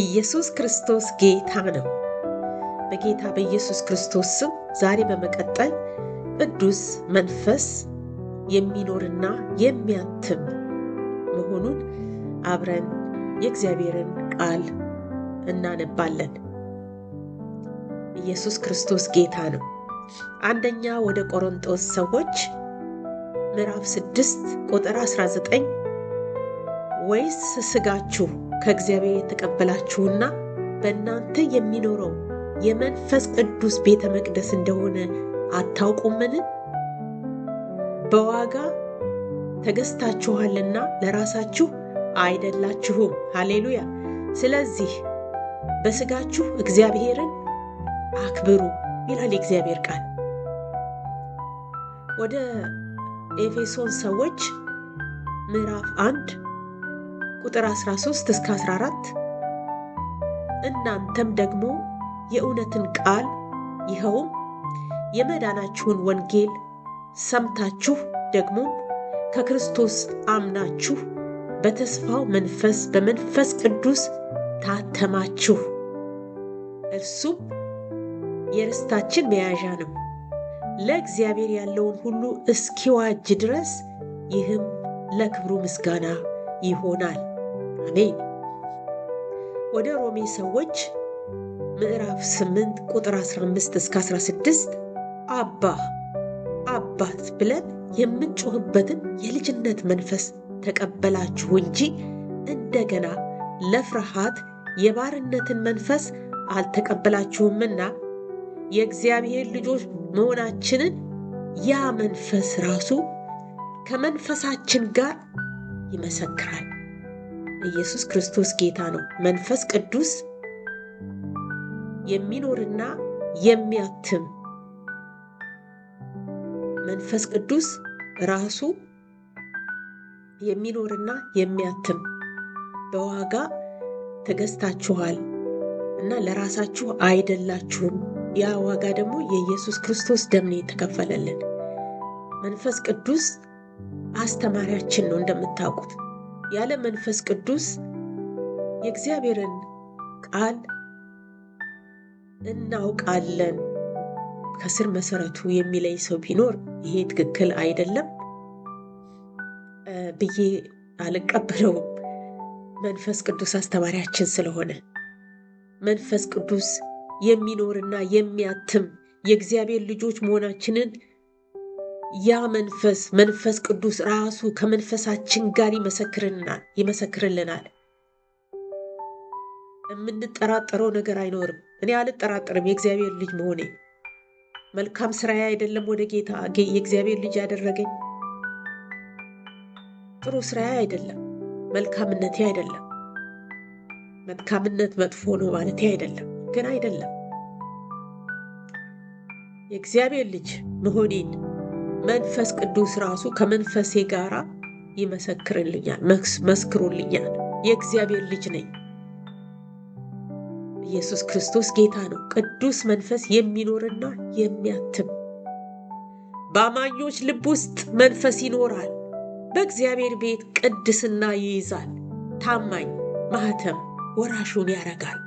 ኢየሱስ ክርስቶስ ጌታ ነው። በጌታ በኢየሱስ ክርስቶስ ስም ዛሬ በመቀጠል ቅዱስ መንፈስ የሚኖርና የሚያትም መሆኑን አብረን የእግዚአብሔርን ቃል እናነባለን። ኢየሱስ ክርስቶስ ጌታ ነው። አንደኛ ወደ ቆሮንጦስ ሰዎች ምዕራፍ 6 ቁጥር 19 ወይስ ስጋችሁ? ከእግዚአብሔር የተቀበላችሁና በእናንተ የሚኖረው የመንፈስ ቅዱስ ቤተ መቅደስ እንደሆነ አታውቁምን? በዋጋ ተገዝታችኋልና ለራሳችሁ አይደላችሁም። ሃሌሉያ። ስለዚህ በስጋችሁ እግዚአብሔርን አክብሩ ይላል የእግዚአብሔር ቃል። ወደ ኤፌሶን ሰዎች ምዕራፍ አንድ ቁጥር 13 እስከ 14 እናንተም ደግሞ የእውነትን ቃል ይኸውም የመዳናችሁን ወንጌል ሰምታችሁ ደግሞ ከክርስቶስ አምናችሁ በተስፋው መንፈስ በመንፈስ ቅዱስ ታተማችሁ። እርሱም የርስታችን መያዣ ነው ለእግዚአብሔር ያለውን ሁሉ እስኪዋጅ ድረስ ይህም ለክብሩ ምስጋና ይሆናል። አሜን። ወደ ሮሜ ሰዎች ምዕራፍ 8 ቁጥር 15 እስከ 16 አባ አባት ብለን የምንጮህበትን የልጅነት መንፈስ ተቀበላችሁ እንጂ እንደገና ለፍርሃት የባርነትን መንፈስ አልተቀበላችሁምና የእግዚአብሔር ልጆች መሆናችንን ያ መንፈስ ራሱ ከመንፈሳችን ጋር ይመሰክራል። ኢየሱስ ክርስቶስ ጌታ ነው። መንፈስ ቅዱስ የሚኖርና የሚያትም መንፈስ ቅዱስ ራሱ የሚኖርና የሚያትም በዋጋ ተገዝታችኋል እና ለራሳችሁ አይደላችሁም። ያ ዋጋ ደግሞ የኢየሱስ ክርስቶስ ደም ነው የተከፈለልን። መንፈስ ቅዱስ አስተማሪያችን ነው። እንደምታውቁት ያለ መንፈስ ቅዱስ የእግዚአብሔርን ቃል እናውቃለን ከስር መሰረቱ የሚለይ ሰው ቢኖር ይሄ ትክክል አይደለም ብዬ አልቀበለውም። መንፈስ ቅዱስ አስተማሪያችን ስለሆነ መንፈስ ቅዱስ የሚኖርና የሚያትም የእግዚአብሔር ልጆች መሆናችንን ያ መንፈስ መንፈስ ቅዱስ ራሱ ከመንፈሳችን ጋር ይመሰክርልናል ይመሰክርልናል። የምንጠራጠረው ነገር አይኖርም። እኔ አልጠራጠርም የእግዚአብሔር ልጅ መሆኔ። መልካም ስራ አይደለም ወደ ጌታ የእግዚአብሔር ልጅ ያደረገኝ ጥሩ ስራ አይደለም፣ መልካምነቴ አይደለም። መልካምነት መጥፎ ነው ማለት አይደለም፣ ግን አይደለም የእግዚአብሔር ልጅ መሆኔን መንፈስ ቅዱስ ራሱ ከመንፈሴ ጋራ ይመሰክርልኛል፣ መስክሮልኛል። የእግዚአብሔር ልጅ ነኝ። ኢየሱስ ክርስቶስ ጌታ ነው። ቅዱስ መንፈስ የሚኖርና የሚያትም በአማኞች ልብ ውስጥ መንፈስ ይኖራል። በእግዚአብሔር ቤት ቅድስና ይይዛል። ታማኝ ማህተም ወራሹን ያረጋል።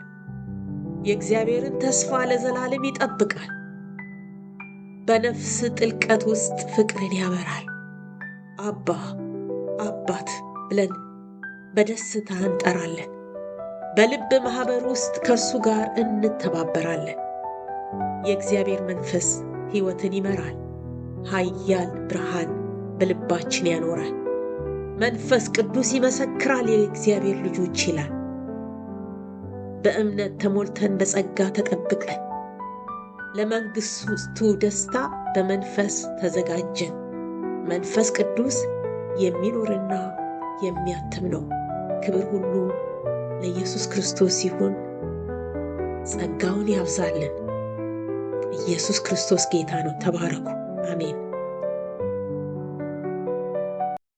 የእግዚአብሔርን ተስፋ ለዘላለም ይጠብቃል። በነፍስ ጥልቀት ውስጥ ፍቅርን ያበራል። አባ አባት ብለን በደስታ እንጠራለን። በልብ ማኅበር ውስጥ ከእርሱ ጋር እንተባበራለን። የእግዚአብሔር መንፈስ ሕይወትን ይመራል። ኃያል ብርሃን በልባችን ያኖራል። መንፈስ ቅዱስ ይመሰክራል፣ የእግዚአብሔር ልጆች ይላል። በእምነት ተሞልተን በጸጋ ተጠብቀን ለመንግስቱ ደስታ በመንፈስ ተዘጋጀን። መንፈስ ቅዱስ የሚኖርና የሚያትም ነው። ክብር ሁሉ ለኢየሱስ ክርስቶስ ሲሆን ጸጋውን ያብዛልን። ኢየሱስ ክርስቶስ ጌታ ነው። ተባረኩ። አሜን።